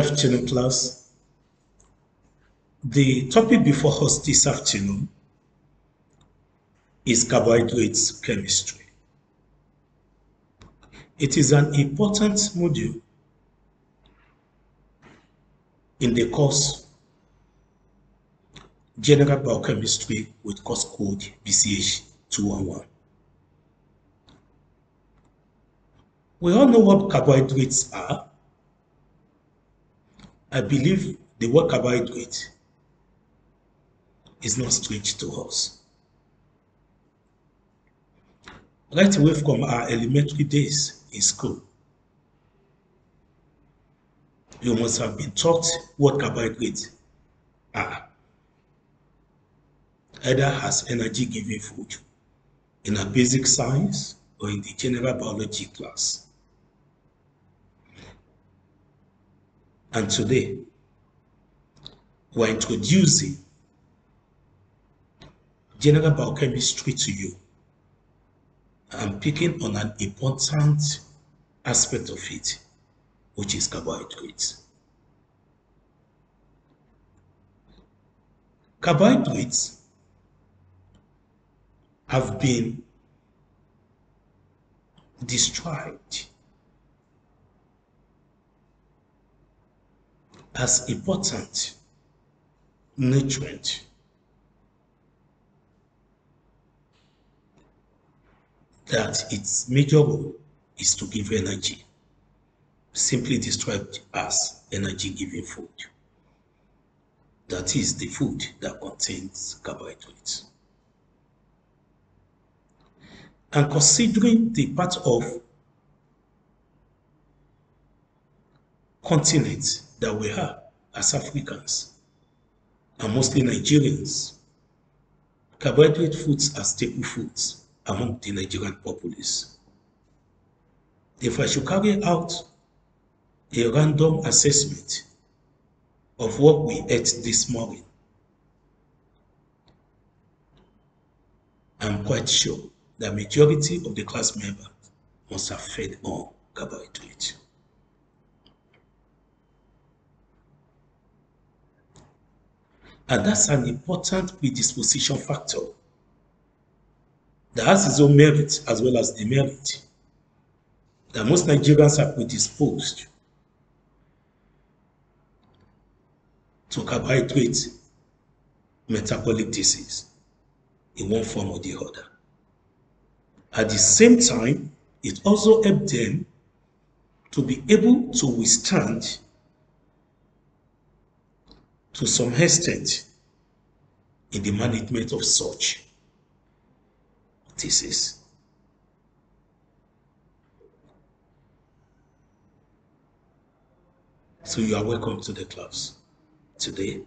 afternoon class. The topic before us this afternoon is carbohydrates chemistry. It is an important module in the course General Biochemistry with course code BCH 211. We all know what carbohydrates are I believe the work about it is not strange to us. Right away from our elementary days in school, you must have been taught what carbohydrates are. Ah, either as energy-giving food in a basic science or in the general biology class. And today, we're introducing general biochemistry to you. I'm picking on an important aspect of it, which is carbohydrates. Carbohydrates have been destroyed as important nutrient that its major role is to give energy, simply described as energy giving food. That is the food that contains carbohydrates. And considering the part of continent that we have as Africans and mostly Nigerians. Carbohydrate foods are staple foods among the Nigerian populace. If I should carry out a random assessment of what we ate this morning, I'm quite sure the majority of the class member must have fed on carbohydrate. And that's an important predisposition factor that has its own merit as well as demerit. That most Nigerians are predisposed to carbohydrate metabolic disease in one form or the other. At the same time, it also helped them to be able to withstand to some extent in the management of such thesis. So you are welcome to the class today.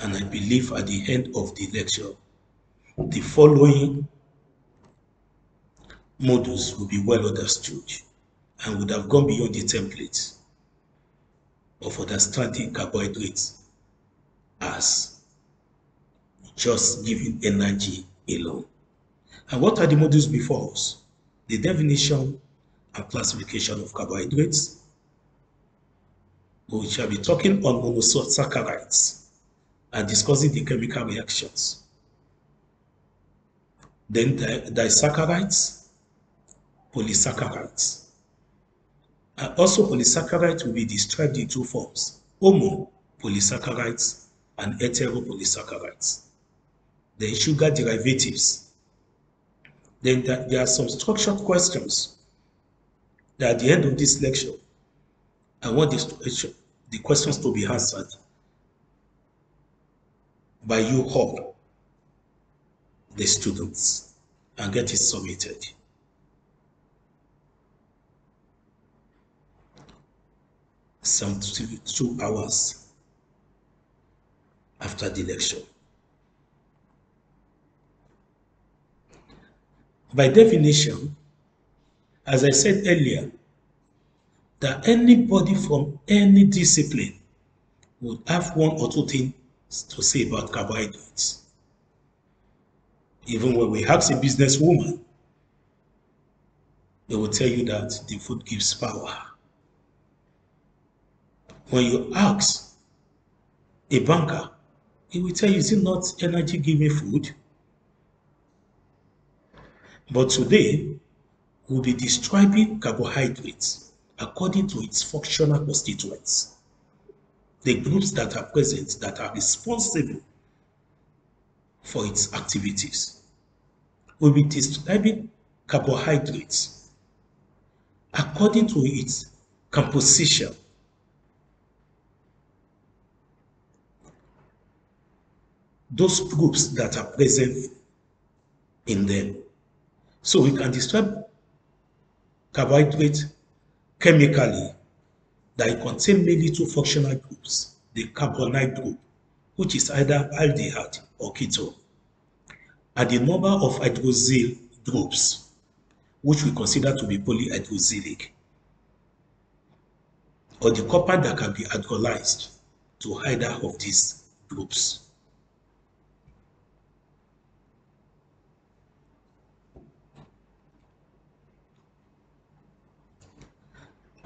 And I believe at the end of the lecture, the following modules will be well understood and would have gone beyond the templates of understanding carbohydrates as just giving energy alone. And what are the modules before us? The definition and classification of carbohydrates. We shall be talking on monosaccharides and discussing the chemical reactions. Then disaccharides, polysaccharides. And also polysaccharides will be described in two forms, homo polysaccharides and heteropolysaccharides. Then sugar derivatives. Then there are some structured questions that at the end of this lecture, I want the, the questions to be answered by you all, the students, and get it submitted. some two, hours after the election. By definition, as I said earlier, that anybody from any discipline would have one or two things to say about carbohydrates. Even when we ask a businesswoman, they will tell you that the food gives power. When you ask a banker, he will tell you, is it not energy giving food? But today, we'll be describing carbohydrates according to its functional constituents, the groups that are present that are responsible for its activities. We'll be describing carbohydrates according to its composition those groups that are present in them. So we can describe carbohydrate chemically that contain mainly two functional groups, the carbonide group, which is either aldehyde or ketone, and the number of hydroxyl groups, which we consider to be polyhydroxylic, or the copper that can be hydrolyzed to either of these groups.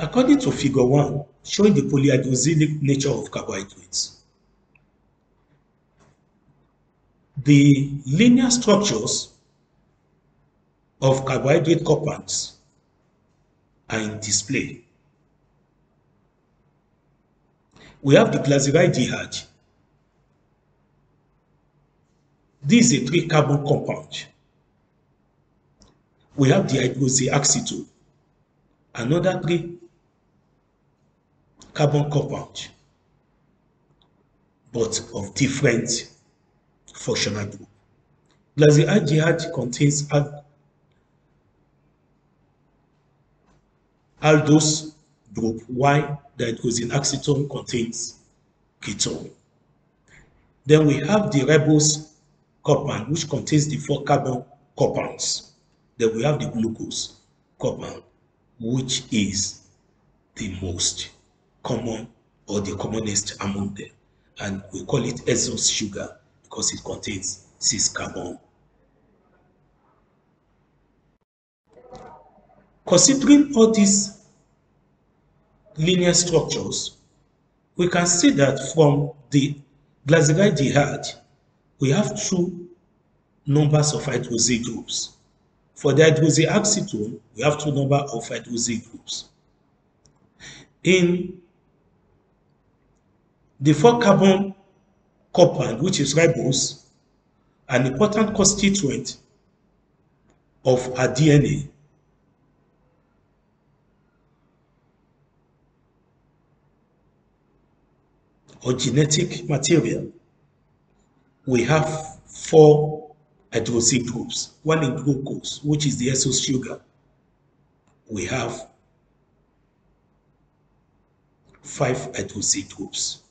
According to figure 1, showing the polyadenosilic nature of carbohydrates, the linear structures of carbohydrate compounds are in display. We have the glyceride DH. This is a three-carbon compound. We have the hydroxy acetyl, another three carbon compound, but of different functional group. Glycine contains aldose group, while in acetone contains ketone. Then we have the ribose compound, which contains the four carbon compounds. Then we have the glucose compound, which is the most common or the commonest among them. And we call it azote sugar because it contains cis carbon. Considering all these linear structures, we can see that from the glyceride we have two numbers of hydroxy groups. For the hydroxy acetone, we have two number of hydroxy groups. In the four-carbon compound, which is ribose, an important constituent of our DNA. or genetic material, we have four hydroxyl groups. One in glucose, which is the SO sugar. We have five hydroxyl groups.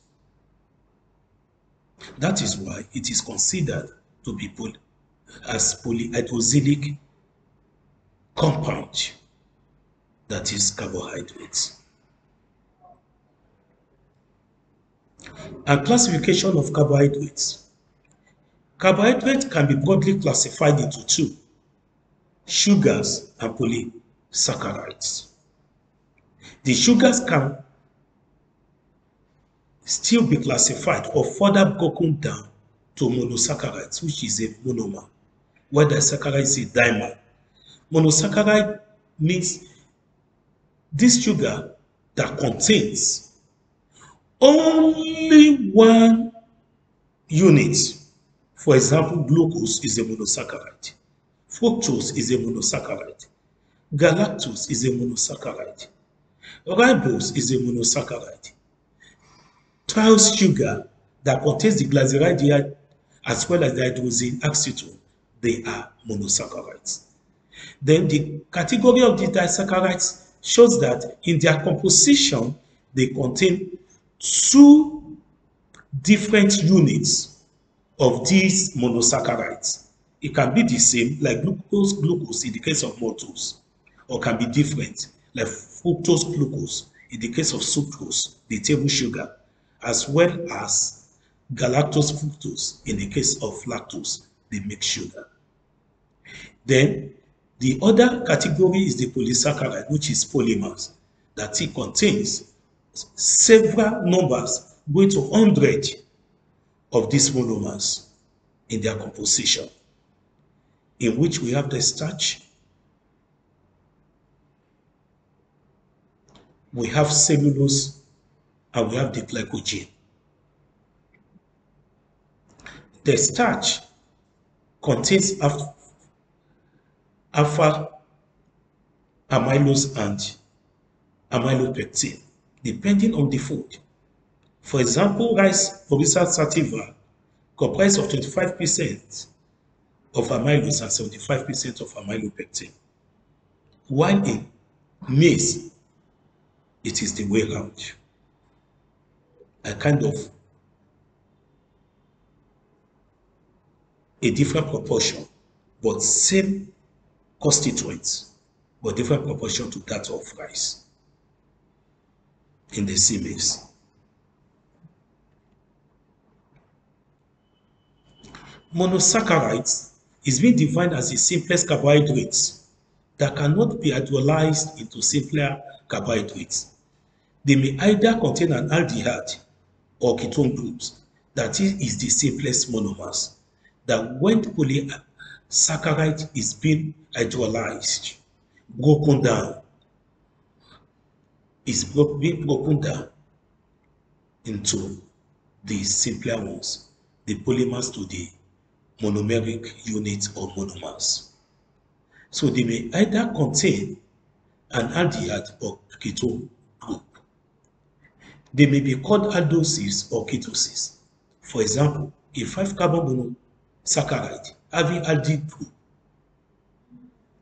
That is why it is considered to be poly as polyhydroxylic compound, that is carbohydrates. And classification of carbohydrates. Carbohydrates can be broadly classified into two, sugars and polysaccharides. The sugars can still be classified or further broken down to monosaccharides, which is a monomer, while saccharide is a dimer. Monosaccharide means this sugar that contains only one unit. For example, glucose is a monosaccharide. Fructose is a monosaccharide. Galactose is a monosaccharide. Ribose is a monosaccharide. trans sugar that contains the glyceride as well as the hydrazine acetone, they are monosaccharides. Then the category of the disaccharides shows that in their composition, they contain two different units of these monosaccharides. It can be the same, like glucose, glucose in the case of maltose, or can be different, like fructose, glucose in the case of sucrose, the table sugar as well as galactose fructose in the case of lactose, they make sugar. Then the other category is the polysaccharide, which is polymers, that it contains several numbers going to 100 of these monomers in their composition, in which we have the starch, we have cellulose and we have the glycogen. The starch contains alpha, alpha amylose and amylopectin, depending on the food. For example, rice orisa sativa comprises of 25% of amylose and 75% of amylopectin, while in maize, it is the way around a kind of a different proportion, but same constituents, but different proportion to that of rice in the sea mix. Monosaccharides is being defined as the simplest carbohydrates that cannot be hydrolyzed into simpler carbohydrates. They may either contain an aldehyde or ketone groups that is the simplest monomers that when polysaccharide is being hydrolyzed, broken down, is being broken down into the simpler ones, the polymers to the monomeric units or monomers. So they may either contain an aldehyde or ketone They may be called aldoses or ketoses. For example, a 5-carbon monosaccharide having aldehyde group.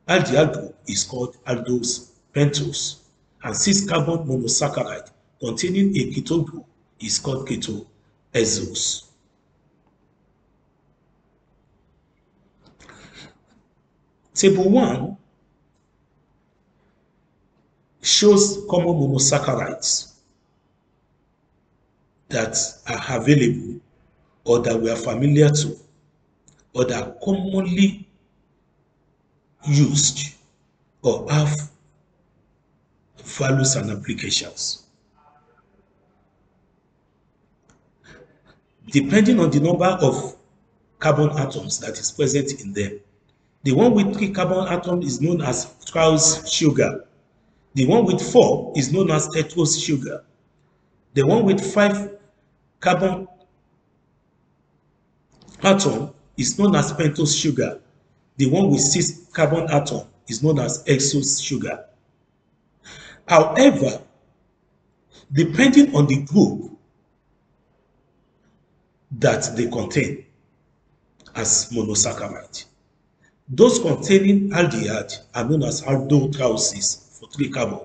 Aldehyde group is called aldose pentose, and 6-carbon monosaccharide containing a keto group is called keto, ketoazose. Table 1 shows common monosaccharides that are available or that we are familiar to or that are commonly used or have values and applications. Depending on the number of carbon atoms that is present in them, the one with three carbon atoms is known as Strauss sugar. The one with four is known as Tetros sugar. The one with five Carbon atom is known as pentose sugar. The one with six carbon atom is known as exose sugar. However, depending on the group that they contain as monosaccharide, those containing aldehyde are known as aldotrioses for three carbon.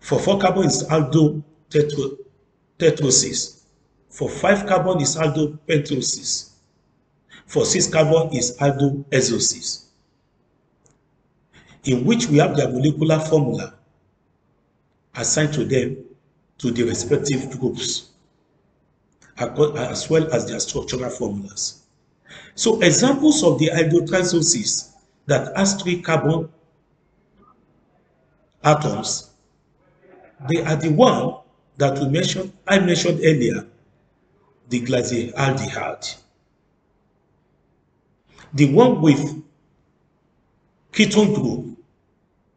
For four carbon is aldotetraoxide tetrosis. For 5 carbon is aldo For 6 carbon is aldo In which we have their molecular formula assigned to them to the respective groups as well as their structural formulas. So examples of the aldotransosis that has three carbon atoms, they are the one that we mentioned, I mentioned earlier, the aldehyde, The one with ketone group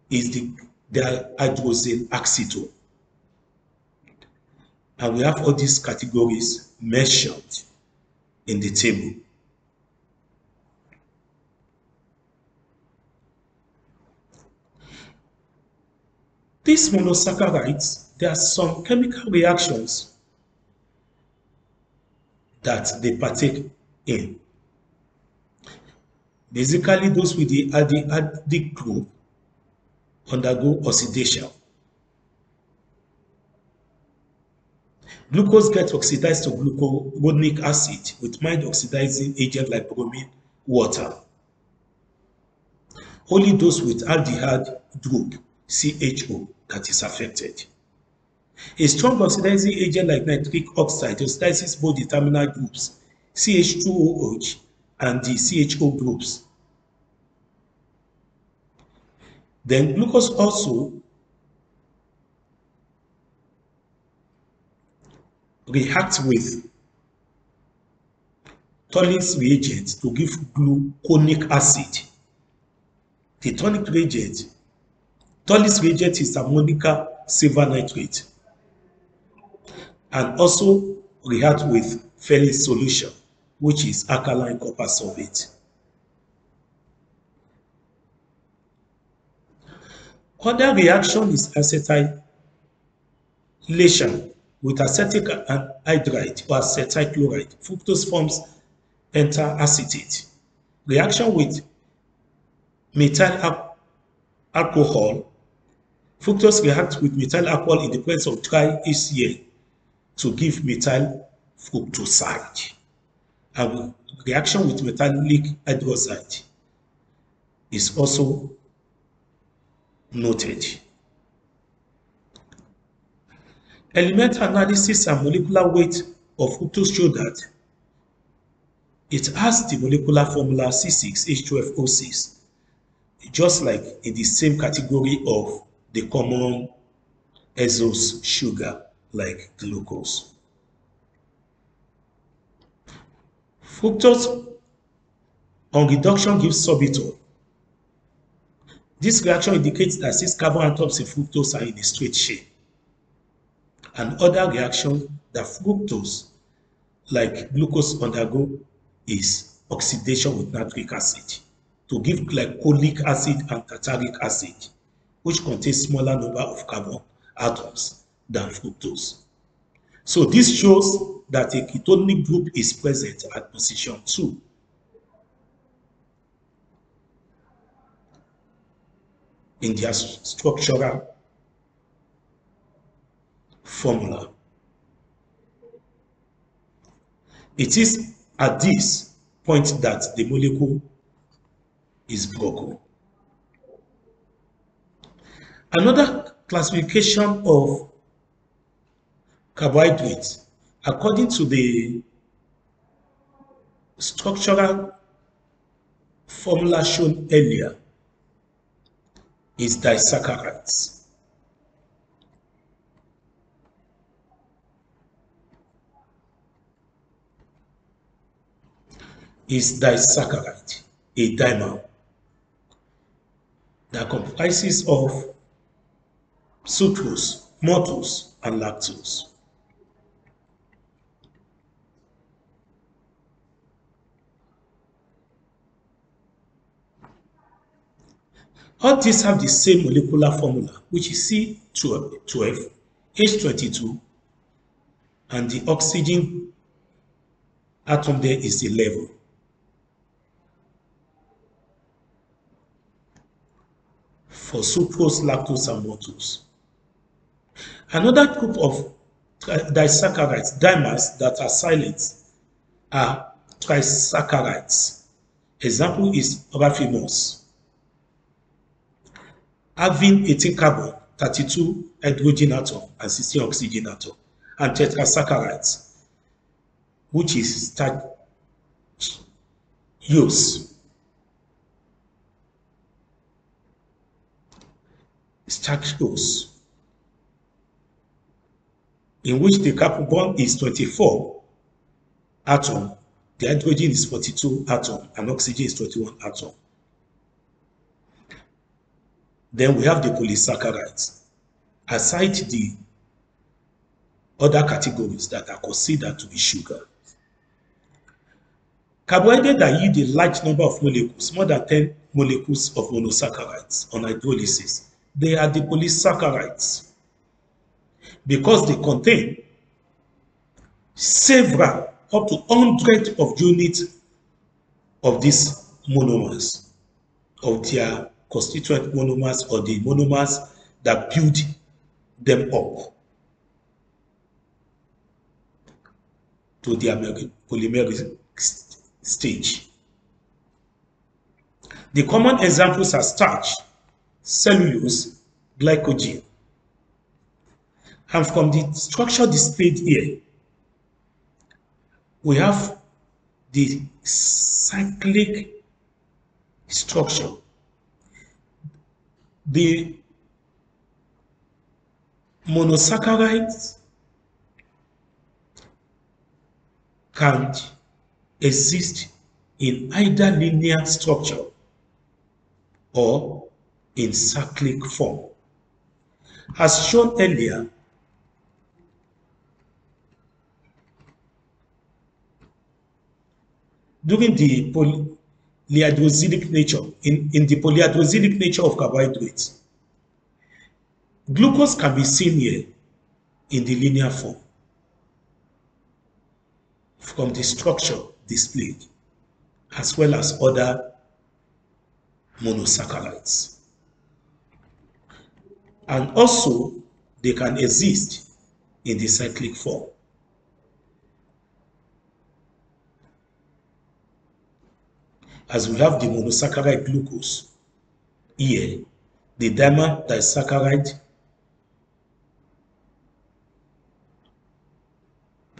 is the dihydroxyl acetone. And we have all these categories mentioned in the table. These monosaccharides there are some chemical reactions that they partake in. Basically, those with the aldehyde group undergo oxidation. Glucose gets oxidized to glucuronic acid with mild oxidizing agent like bromine water. Only those with aldehyde group CHO that is affected. A strong oxidizing agent like nitric oxide oxidizes both the terminal groups, CH2OH, and the CHO groups. Then glucose also reacts with tonic reagent to give gluconic acid. The tonic reagent, tonic reagent is ammonium silver nitrate and also react with Felix solution, which is alkaline copper sulfate. Other reaction is acetylation with acetic anhydride or acetyl chloride. Fructose forms pentaacetate. Reaction with methyl alcohol. Fructose reacts with methyl alcohol in the presence of dry HCl to give methyl fructoside. And reaction with metallic hydroxide is also noted. Element analysis and molecular weight of fructose show that it has the molecular formula C6H12O6, just like in the same category of the common azose sugar like glucose. Fructose on reduction gives sorbitol. This reaction indicates that six carbon atoms in fructose are in a straight shape. And other reaction that fructose, like glucose, undergo is oxidation with nitric acid to give glycolic acid and tartaric acid, which contains smaller number of carbon atoms than fructose. So this shows that a ketonic group is present at position 2. in their structural formula. It is at this point that the molecule is broken. Another classification of carbohydrates, according to the structural formula shown earlier, is disaccharides. Is disaccharide a dimer that comprises of sucrose, maltose, and lactose? All these have the same molecular formula, which is C12, H22, and the oxygen atom there is is eleven level. For sucrose, lactose, and maltose. Another group of disaccharides, dimers that are silent, are trisaccharides. Example is raffinose. having 18 carbon, 32 hydrogen atom, and 16 oxygen atom, and tetrasaccharides, which is statiose. Statiose, in which the carbon is 24 atom, the hydrogen is 42 atom, and oxygen is 21 atom. Then we have the polysaccharides. Aside the other categories that are considered to be sugar. Carbohydrates that yield a large number of molecules, more than 10 molecules of monosaccharides on hydrolysis, they are the polysaccharides because they contain several up to 100 of units of these monomers of their constituent monomers or the monomers that build them up to the polymeric stage. The common examples are starch, cellulose, glycogen. And from the structure displayed here, we have the cyclic structure the monosaccharides can't exist in either linear structure or in cyclic form. As shown earlier, during the liadrosilic nature, in, in the polyadrosilic nature of carbohydrates. Glucose can be seen here in the linear form from the structure displayed, as well as other monosaccharides. And also, they can exist in the cyclic form. as we have the monosaccharide glucose here, the dimer disaccharide,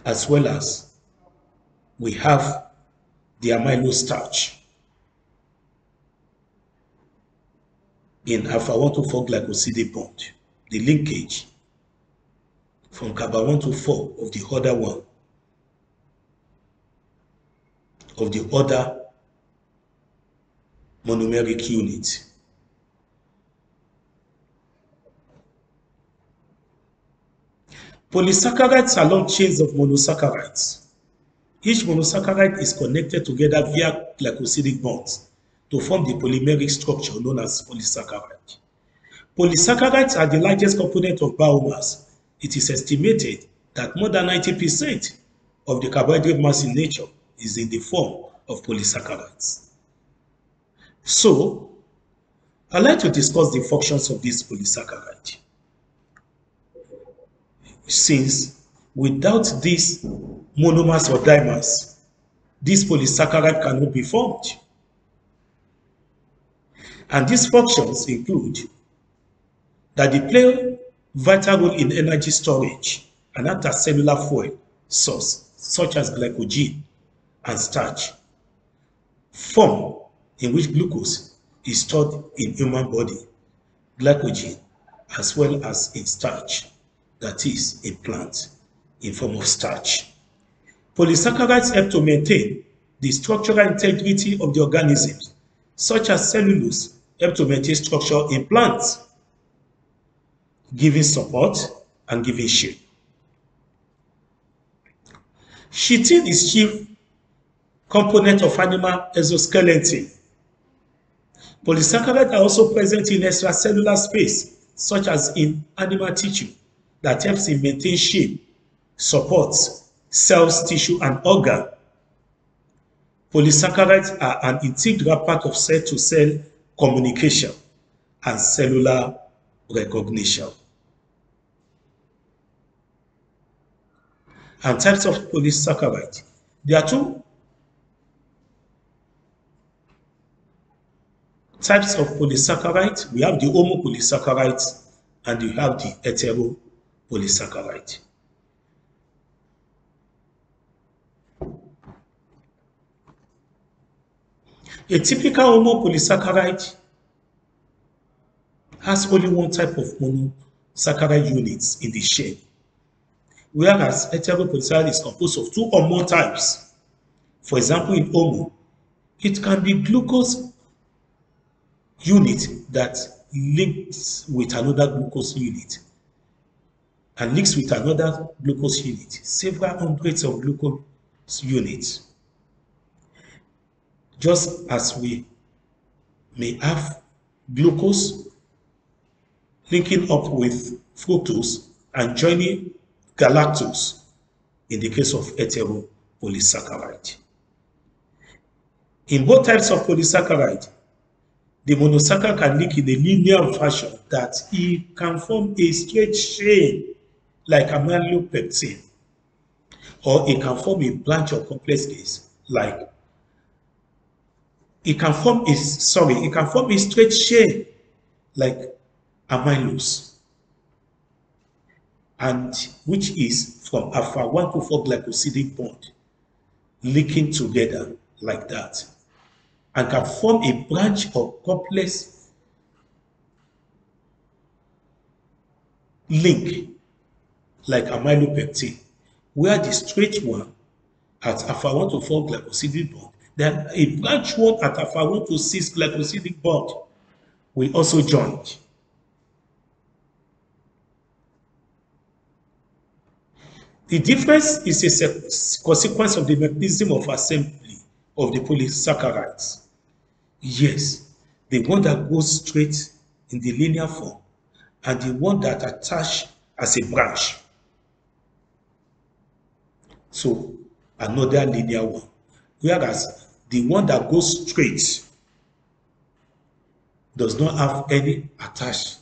as well as we have the amylose starch in alpha 124 glycosidic bond, the linkage from carbon 124 of the other one of the other monomeric unit. Polysaccharides are long chains of monosaccharides. Each monosaccharide is connected together via glycosidic bonds to form the polymeric structure known as polysaccharide. Polysaccharides are the largest component of biomass. It is estimated that more than 90% of the carbohydrate mass in nature is in the form of polysaccharides. So, I'd like to discuss the functions of this polysaccharide. Since without these monomers or dimers, this polysaccharide cannot be formed. And these functions include that they play vital role in energy storage and cellular fuel source, such as glycogen and starch, form in which glucose is stored in human body, glycogen, as well as in starch, that is, in plants, in form of starch. Polysaccharides help to maintain the structural integrity of the organisms, such as cellulose help to maintain structure in plants, giving support and giving shape. Chitin is chief component of animal exoskeleton Polysaccharides are also present in extracellular space, such as in animal tissue, that helps in maintain shape, supports cells, tissue, and organ. Polysaccharides are an integral part of cell-to-cell -cell communication and cellular recognition. And types of polysaccharides. There are two types of polysaccharides, we have the homopolysaccharides and you have the heteropolysaccharide. A typical homopolysaccharide has only one type of monosaccharide units in the chain, whereas heteropolysaccharide is composed of two or more types. For example, in homo, it can be glucose unit that links with another glucose unit and links with another glucose unit, several hundreds of glucose units. Just as we may have glucose linking up with fructose and joining galactose in the case of heteropolysaccharide. In both types of polysaccharide, the monosaccharide can leak in a linear fashion that it can form a straight chain like amylopectin, or it can form a branch of complex case like it can form a sorry, it can form a straight chain like amylose, and which is from alpha 1 to 4 glycosidic bond leaking together like that. and can form a branch or complex link like amylopectin, where the straight one at alpha 1 to 4 glycosidic bond, then a branch one at alpha 1 to 6 glycosidic bond will also join. The difference is a consequence of the mechanism of assembly of the polysaccharides. Yes, the one that goes straight in the linear form and the one that attach as a branch. So, another linear one. Whereas the one that goes straight does not have any attached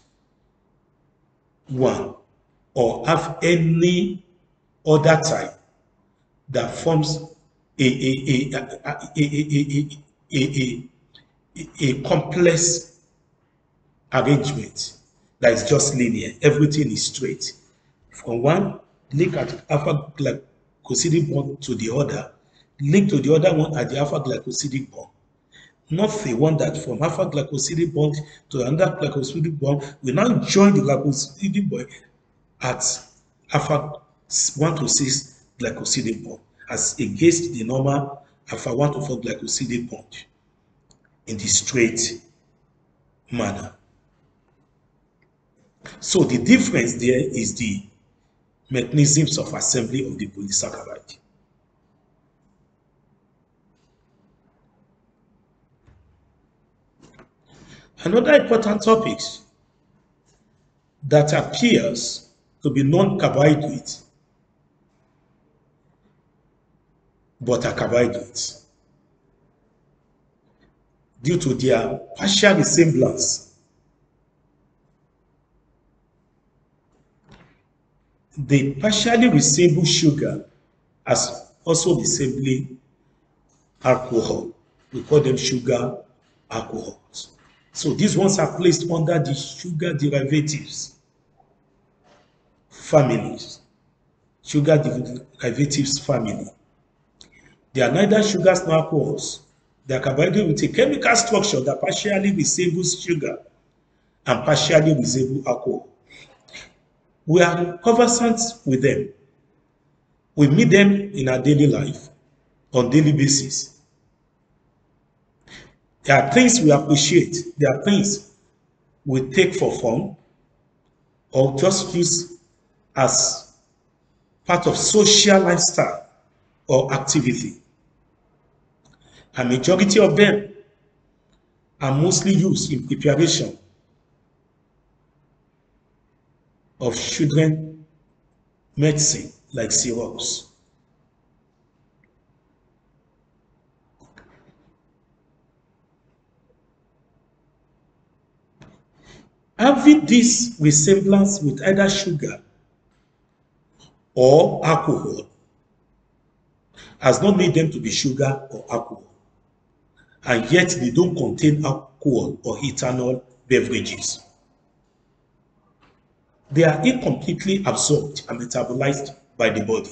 one or have any other type that forms a, a, a, a, a complex arrangement that is just linear. Everything is straight. From one link at alpha glycosidic bond to the other, link to the other one at the alpha glycosidic bond. Not the one that from alpha glycosidic bond to another glycosidic bond, we now join the glycosidic bond at alpha 1 to 6 glycosidic bond as against the normal alpha 1 to 4 glycosidic bond in the straight manner. So the difference there is the mechanisms of assembly of the polysaccharide. Another important topic that appears to be non-carbohydrate but are carbohydrates due to their partial resemblance. They partially resemble sugar as also resemble alcohol. We call them sugar alcohols. So these ones are placed under the sugar derivatives families, sugar derivatives family. They are neither sugars nor alcohols. They are carbohydrates with a chemical structure that partially resembles sugar and partially resembles alcohol. We are conversant with them. We meet them in our daily life on daily basis. There are things we appreciate. There are things we take for fun or just use as part of social lifestyle or activity. A majority of them are mostly used in preparation of children medicine like syrups. Having this resemblance with either sugar or alcohol has not made them to be sugar or alcohol and yet they don't contain alcohol or ethanol beverages. They are incompletely absorbed and metabolized by the body.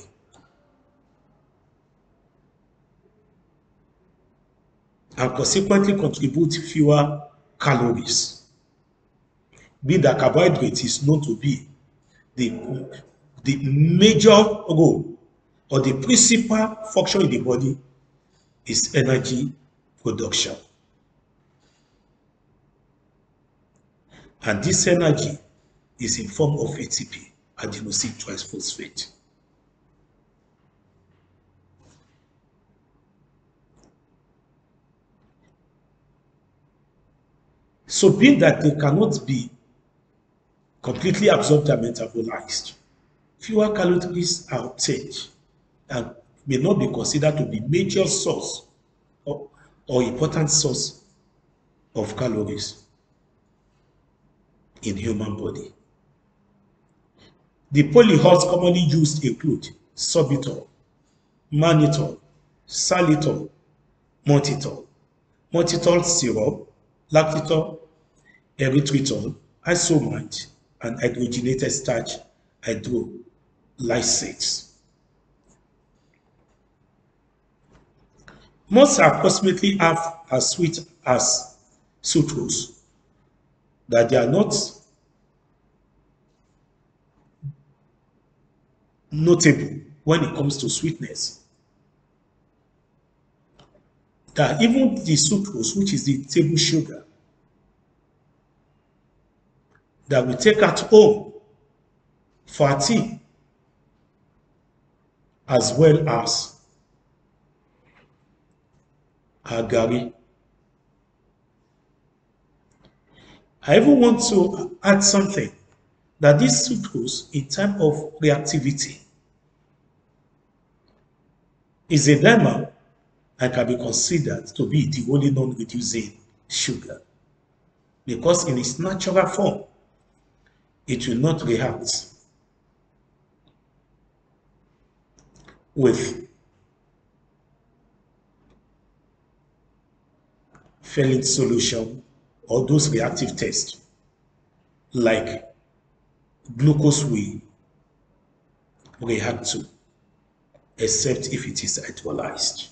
and consequently contribute fewer calories. Being that carbohydrate is known to be the, the major goal oh, or the principal function in the body is energy production. And this energy is in form of ATP, adenosine triphosphate. So being that they cannot be completely absorbed and metabolized, fewer calories are obtained and may not be considered to be major source of or important source of calories in human body. The polyhots commonly used include sorbitol, mannitol, xylitol, maltitol, maltitol syrup, lactitol, erythritol, isomalt, and hydrogenated starch hydrolysates. must approximately have as sweet as sucrose. that they are not notable when it comes to sweetness. That even the sucrose, which is the table sugar, that we take at home for tea, as well as agari. I even want to add something that this sucrose in terms of reactivity is a dilemma and can be considered to be the only non-reducing sugar because in its natural form it will not react with phthalate solution or those reactive tests like glucose we react to except if it is hydrolyzed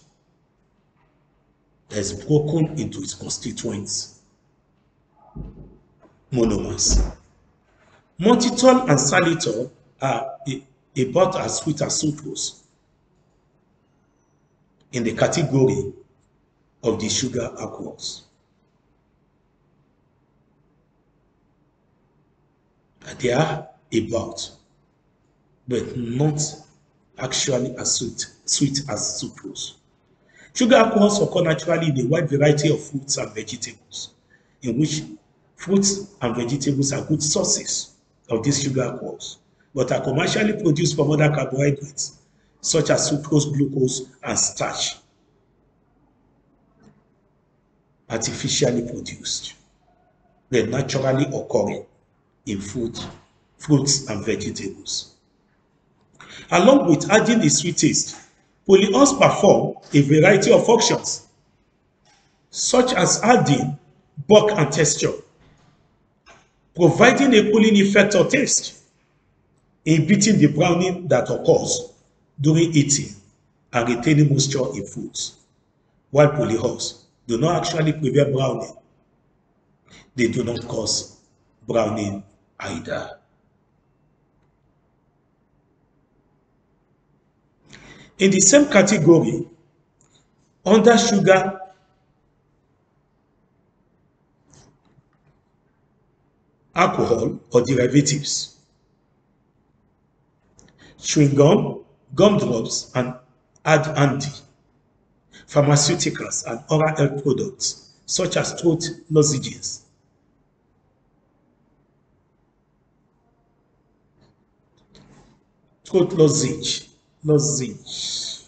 is broken into its constituents monomers maltitol and xylitol are about as sweet as sucrose in the category of the sugar aqueous. They are about, but not actually as sweet, sweet as sucrose. Sugar alcohols occur naturally in a wide variety of fruits and vegetables, in which fruits and vegetables are good sources of these sugar alcohols, but are commercially produced from other carbohydrates, such as sucrose, glucose, and starch. artificially produced. They're naturally occurring in food, fruits and vegetables. Along with adding the sweet taste, polyols perform a variety of functions such as adding bulk and texture, providing a cooling effect or taste, inhibiting the browning that occurs during eating and retaining moisture in foods, while polyols do not actually prevent browning. They do not cause browning either. In the same category, under sugar, alcohol or derivatives, chewing gum, gum drops, and ad anti pharmaceuticals, and oral health products, such as throat lozenges. Throat lozenge, lozenge.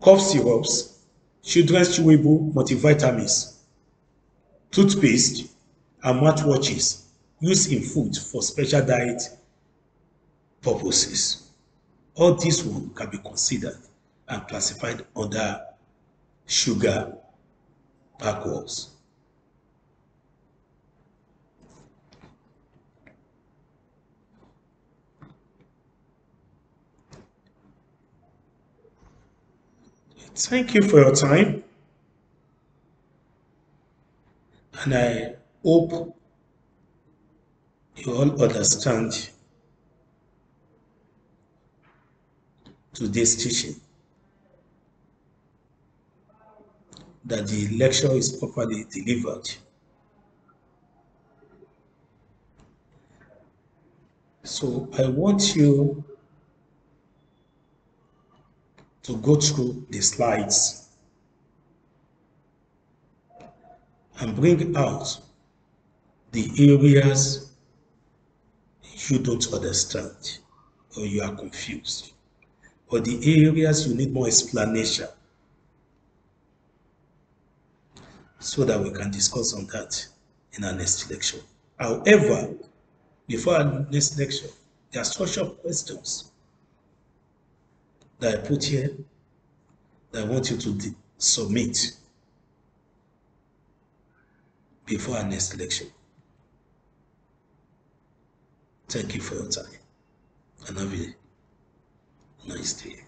Cough syrups, children's chewable multivitamins, toothpaste, and mouthwashes used in food for special diet purposes. All these one can be considered and classified under sugar backwards. Thank you for your time. And I hope you all understand to this teaching that the lecture is properly delivered. So I want you to go through the slides and bring out the areas you don't understand or you are confused but the areas you need more explanation so that we can discuss on that in our next lecture. However, before our next lecture, there are structural questions that I put here that I want you to submit before our next lecture. Thank you for your time and have a nice day.